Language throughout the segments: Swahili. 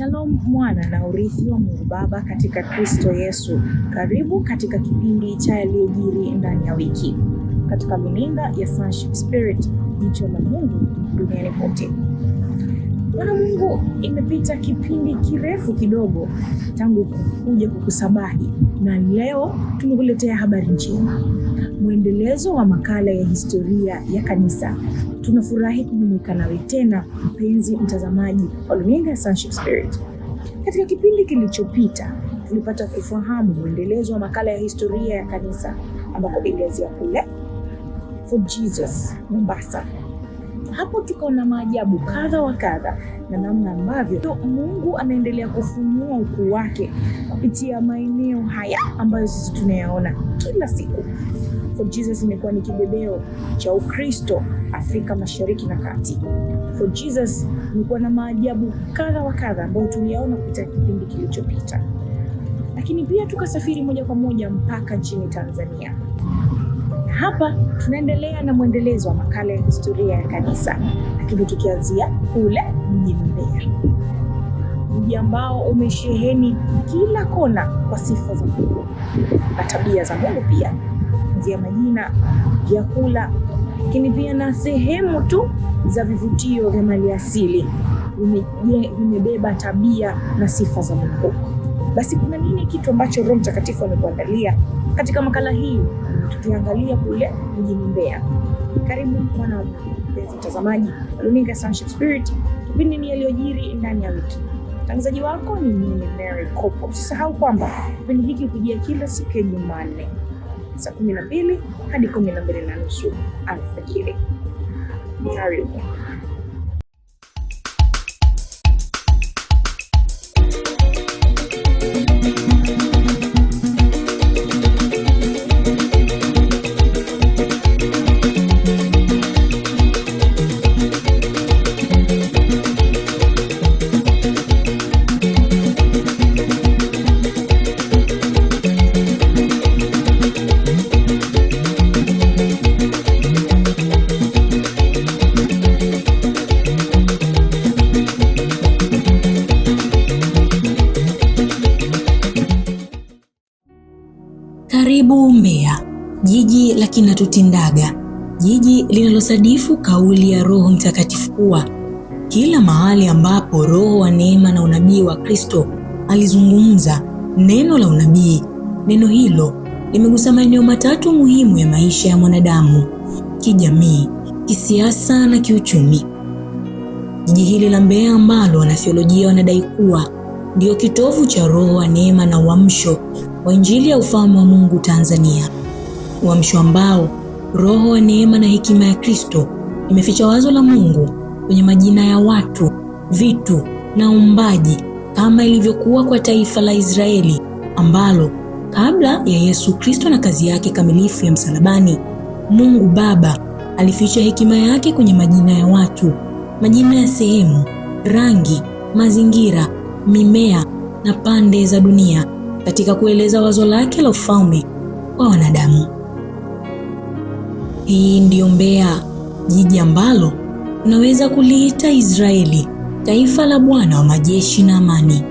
Shalom mwana na urithi wa Mungu Baba katika Kristo Yesu. Karibu katika kipindi cha yaliyojiri ndani ya wiki katika runinga ya Sonship Spirit, jicho la Mungu duniani kote. Mwana Mungu, imepita kipindi kirefu kidogo tangu kuja kukusabahi, na leo tumekuletea habari njema mwendelezo wa makala ya historia ya Kanisa. Tunafurahi kujumuika nawe tena, mpenzi mtazamaji wa luninga ya Sonship Spirit. Katika kipindi kilichopita, tulipata kufahamu mwendelezo wa makala ya historia ya Kanisa ambapo ilianzia kule For Jesus Mombasa. Hapo tukaona maajabu kadha wa kadha na namna ambavyo Mungu anaendelea kufunua ukuu wake kupitia maeneo haya ambayo sisi tunayaona kila siku. For Jesus imekuwa ni kibebeo cha Ukristo Afrika Mashariki na Kati. For Jesus imekuwa na maajabu kadha wa kadha ambayo tuliyaona kupita kipindi kilichopita, lakini pia tukasafiri moja kwa moja mpaka nchini Tanzania. Hapa tunaendelea na mwendelezo wa makala ya historia ya kanisa, lakini tukianzia kule mjini Mbeya, mji ambao umesheheni kila kona kwa sifa za Mungu na tabia za Mungu pia kuanzia majina, vyakula, lakini pia na sehemu tu za vivutio vya maliasili vimebeba tabia na sifa za Mungu. Basi kuna nini kitu ambacho Roho Mtakatifu amekuandalia katika makala hii? Tukiangalia kule mjini Mbeya. Karibu mwana mpenzi mtazamaji wa runinga Sonship Spirit, kipindi ni yaliyojiri ndani ya wiki. Mtangazaji wako ni mimi Mary Kopo. Usisahau kwamba kipindi hiki hukujia kila siku ya Jumanne saa kumi na mbili hadi kumi na mbili na nusu alfajiri. Karibu. au Mbeya, jiji la kinatutindaga, jiji linalosadifu kauli ya Roho Mtakatifu kuwa kila mahali ambapo roho wa neema na unabii wa Kristo alizungumza neno la unabii. Neno hilo limegusa maeneo matatu muhimu ya maisha ya mwanadamu: kijamii, kisiasa na kiuchumi. Jiji hili la Mbeya ambalo wanatheolojia wanadai kuwa ndio kitovu cha roho wa neema na uamsho wa Injili ya ufalme wa Mungu Tanzania, uamsho ambao roho wa neema na hekima ya Kristo imeficha wazo la Mungu kwenye majina ya watu, vitu na umbaji kama ilivyokuwa kwa taifa la Israeli ambalo kabla ya Yesu Kristo na kazi yake kamilifu ya msalabani, Mungu Baba alificha hekima yake kwenye majina ya watu, majina ya sehemu, rangi, mazingira mimea na pande za dunia katika kueleza wazo lake la ufalme kwa wanadamu. Hii ndiyo Mbeya, jiji ambalo unaweza kuliita Israeli, taifa la Bwana wa majeshi na amani.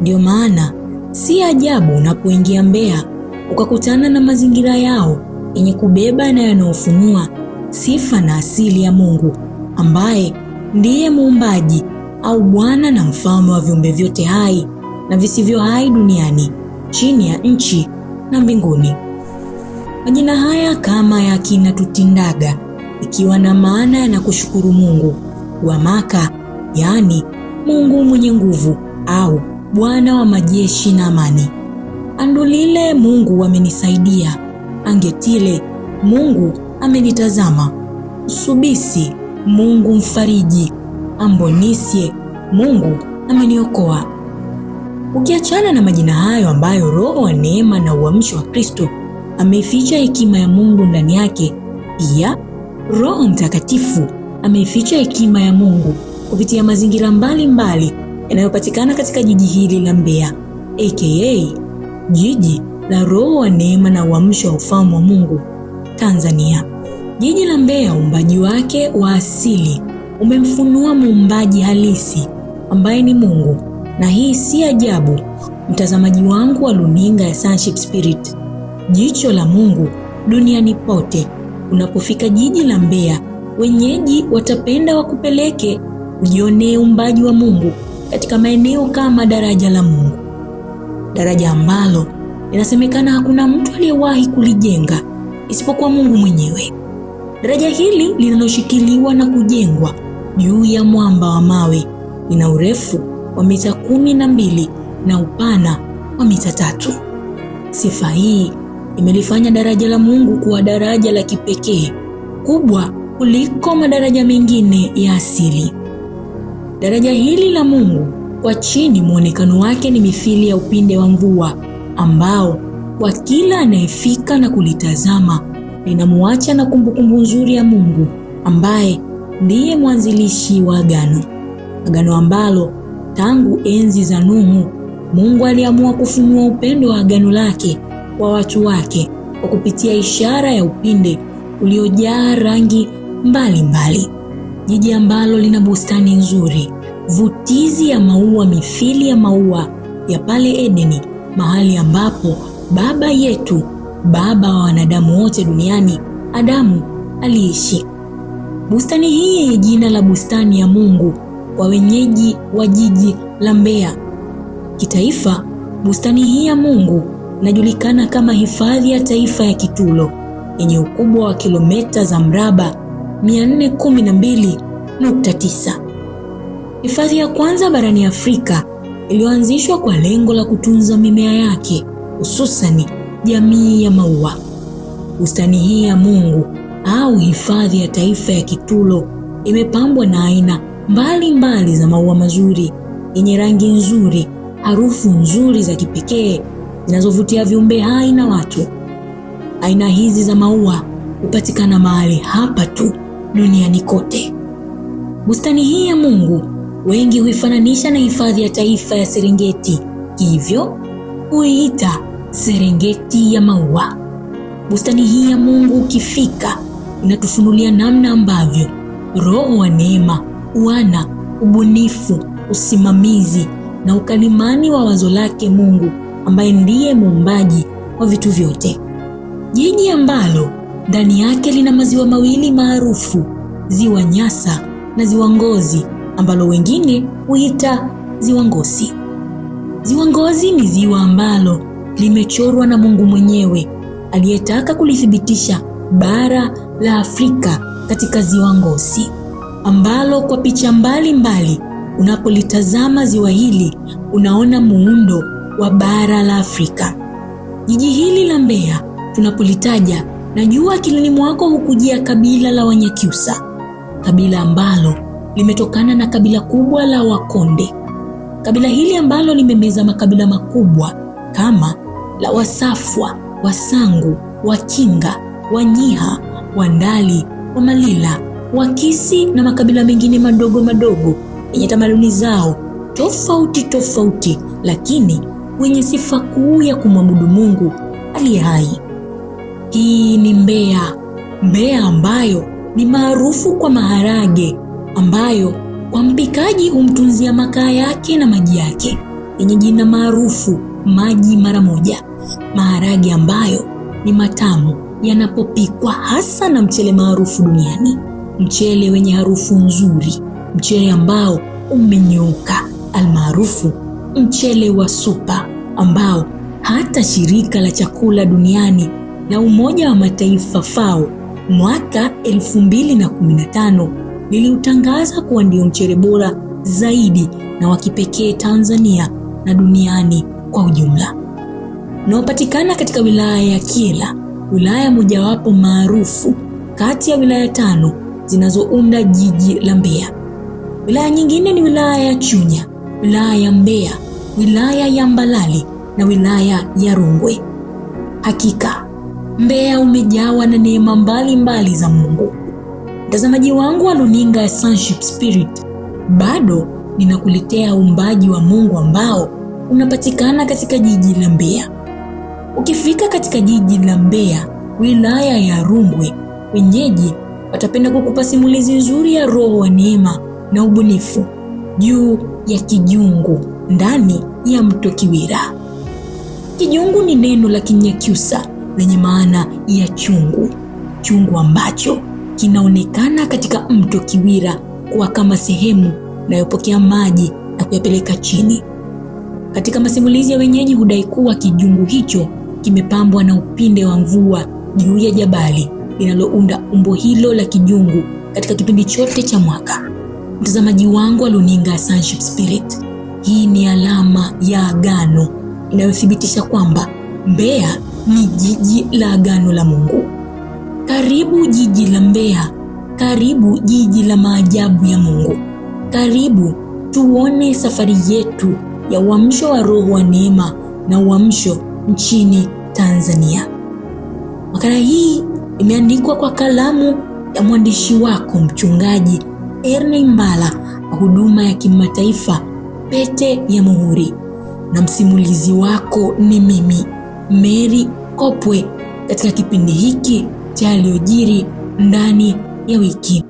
Ndiyo maana si ajabu unapoingia Mbeya ukakutana na mazingira yao yenye kubeba na yanayofunua sifa na asili ya Mungu ambaye ndiye muumbaji au bwana na mfalme wa viumbe vyote hai na visivyo hai duniani, chini ya nchi na mbinguni. Majina haya kama ya kina tutindaga, ikiwa na maana ya nakushukuru Mungu wa Maka, yaani Mungu mwenye nguvu au Bwana wa majeshi na amani. Andulile, Mungu amenisaidia. Angetile, Mungu amenitazama. Subisi, Mungu mfariji. Ambonisye, Mungu ameniokoa. Ukiachana na majina hayo ambayo Roho wa neema na uamsho wa Kristo ameificha hekima ya Mungu ndani yake, pia Roho Mtakatifu ameificha hekima ya Mungu kupitia mazingira mbalimbali yanayopatikana katika jiji hili la Mbeya aka jiji la Roho wa neema na uamsho wa ufamu wa Mungu Tanzania. Jiji la Mbeya, uumbaji wake wa asili umemfunua muumbaji halisi ambaye ni Mungu, na hii si ajabu. Mtazamaji wangu wa luninga ya Sonship Spirit, jicho la Mungu duniani pote. Unapofika jiji la Mbeya, wenyeji watapenda wakupeleke ujionee uumbaji wa Mungu katika maeneo kama daraja la Mungu, daraja ambalo inasemekana hakuna mtu aliyewahi kulijenga isipokuwa Mungu mwenyewe. Daraja hili linaloshikiliwa na kujengwa juu ya mwamba wa mawe. Ina urefu wa mita kumi na mbili na upana wa mita tatu. Sifa hii imelifanya daraja la Mungu kuwa daraja la kipekee kubwa kuliko madaraja mengine ya asili. Daraja hili la Mungu kwa chini, mwonekano wake ni mithili ya upinde wa mvua ambao kwa kila anayefika na kulitazama linamuacha na kumbukumbu nzuri ya Mungu ambaye ndiye mwanzilishi wa agano, agano ambalo tangu enzi za Nuhu Mungu aliamua kufunua upendo wa agano lake kwa watu wake kwa kupitia ishara ya upinde uliojaa rangi mbalimbali. Jiji ambalo lina bustani nzuri, vutizi ya maua mithili ya maua ya pale Edeni, mahali ambapo Baba yetu, Baba wa wanadamu wote duniani, Adamu aliishi. Bustani hii jina la Bustani ya Mungu kwa wenyeji wa jiji la Mbeya. Kitaifa, bustani hii ya Mungu inajulikana kama hifadhi ya taifa ya Kitulo yenye ukubwa wa kilomita za mraba 412.9. Hifadhi ya kwanza barani Afrika iliyoanzishwa kwa lengo la kutunza mimea yake, hususani jamii ya maua. Bustani hii ya Mungu au hifadhi ya taifa ya Kitulo imepambwa na aina mbalimbali mbali za maua mazuri yenye rangi nzuri, harufu nzuri za kipekee zinazovutia viumbe hai na watu. Aina hizi za maua hupatikana mahali hapa tu duniani kote. Bustani hii ya Mungu wengi huifananisha na hifadhi ya taifa ya Serengeti, hivyo huiita Serengeti ya maua. Bustani hii ya Mungu ukifika inatufunulia namna ambavyo roho wa neema, uana, ubunifu, usimamizi na ukalimani wa wazo lake Mungu ambaye ndiye muumbaji wa vitu vyote. Jiji ambalo ndani yake lina maziwa mawili maarufu, ziwa Nyasa na ziwa Ngozi ambalo wengine huita ziwa Ngosi. Ziwa Ngozi ni ziwa ambalo limechorwa na Mungu mwenyewe aliyetaka kulithibitisha bara la Afrika katika ziwa Ngosi ambalo kwa picha mbalimbali unapolitazama ziwa hili unaona muundo wa bara la Afrika. Jiji hili la Mbeya tunapolitaja, najua akilini mwako hukujia kabila la Wanyakyusa, kabila ambalo limetokana na kabila kubwa la Wakonde, kabila hili ambalo limemeza makabila makubwa kama la Wasafwa, Wasangu, Wakinga, Wanyiha Wandali, Wamalila, Wakisi na makabila mengine madogo madogo yenye tamaduni zao tofauti tofauti, lakini wenye sifa kuu ya kumwabudu Mungu aliye hai. Hii ni Mbeya, Mbeya ambayo ni maarufu kwa maharage, ambayo kwa mpikaji humtunzia makaa yake na maji yake, yenye jina maarufu maji mara moja, maharage ambayo ni matamu yanapopikwa hasa na mchele maarufu duniani, mchele wenye harufu nzuri, mchele ambao umenyooka, almaarufu mchele wa supa, ambao hata shirika la chakula duniani na Umoja wa Mataifa FAO mwaka 2015 liliutangaza kuwa ndio mchele bora zaidi na wa kipekee Tanzania na duniani kwa ujumla, unaopatikana katika wilaya ya Kyela wilaya mojawapo maarufu kati ya wilaya tano zinazounda jiji la Mbeya. Wilaya nyingine ni wilaya ya Chunya, wilaya ya Mbeya, wilaya ya Mbalali na wilaya ya Rungwe. Hakika Mbeya umejawa na neema mbalimbali za Mungu. Mtazamaji wangu wa luninga ya Sonship Spirit, bado ninakuletea uumbaji wa Mungu ambao unapatikana katika jiji la Mbeya. Ukifika katika jiji la Mbeya, wilaya ya Rungwe, wenyeji watapenda kukupa simulizi nzuri ya roho wa neema na ubunifu juu ya kijungu ndani ya mto Kiwira. Kijungu ni neno la Kinyakyusa lenye maana ya chungu, chungu ambacho kinaonekana katika mto Kiwira kuwa kama sehemu inayopokea maji na kuyapeleka chini. Katika masimulizi ya wenyeji hudai kuwa kijungu hicho kimepambwa na upinde wa mvua juu ya jabali linalounda umbo hilo la kijungu katika kipindi chote cha mwaka. Mtazamaji wangu wa luninga Sonship Spirit, hii ni alama ya agano inayothibitisha kwamba Mbeya ni jiji la agano la Mungu. Karibu jiji la Mbeya, karibu jiji la maajabu ya Mungu. Karibu tuone safari yetu ya uamsho wa roho wa neema na uamsho nchini Tanzania. Makala hii imeandikwa kwa kalamu ya mwandishi wako Mchungaji erne Mbala wa huduma ya kimataifa Pete ya Muhuri, na msimulizi wako ni mimi Mary Kopwe, katika kipindi hiki cha yaliyojiri ndani ya wiki.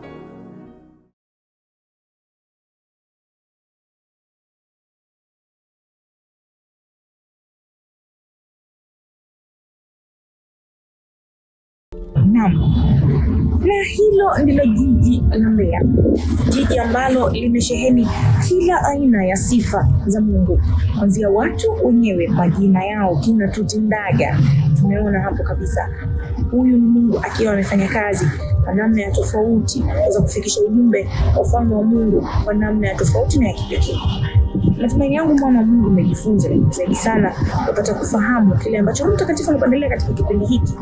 ndilo jiji la Mbeya, jiji ambalo limesheheni kila aina ya sifa za Mungu, kuanzia watu wenyewe, majina yao, kina tutindaga Tumeona hapo kabisa, huyu ni Mungu akiwa amefanya kazi kwa namna ya tofauti, kuweza kufikisha ujumbe wa ufalme wa Mungu kwa namna ya tofauti na ya kipekee. Natumaini yangu mwana wa Mungu umejifunza zaidi sana, upata kufahamu kile ambacho Roho Mtakatifu anapendelea katika kipindi hiki.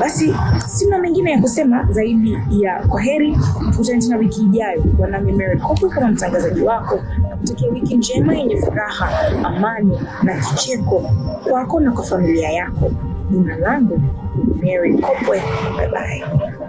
Basi sina mengine ya kusema zaidi ya kwa heri, tukutane tena wiki ijayo. Kwa nami Mary Kopwe kama mtangazaji wako, nakutakia wiki njema yenye furaha, amani na kicheko kwako na kwa familia yako. Jina langu Mary Kopwe, bye bye.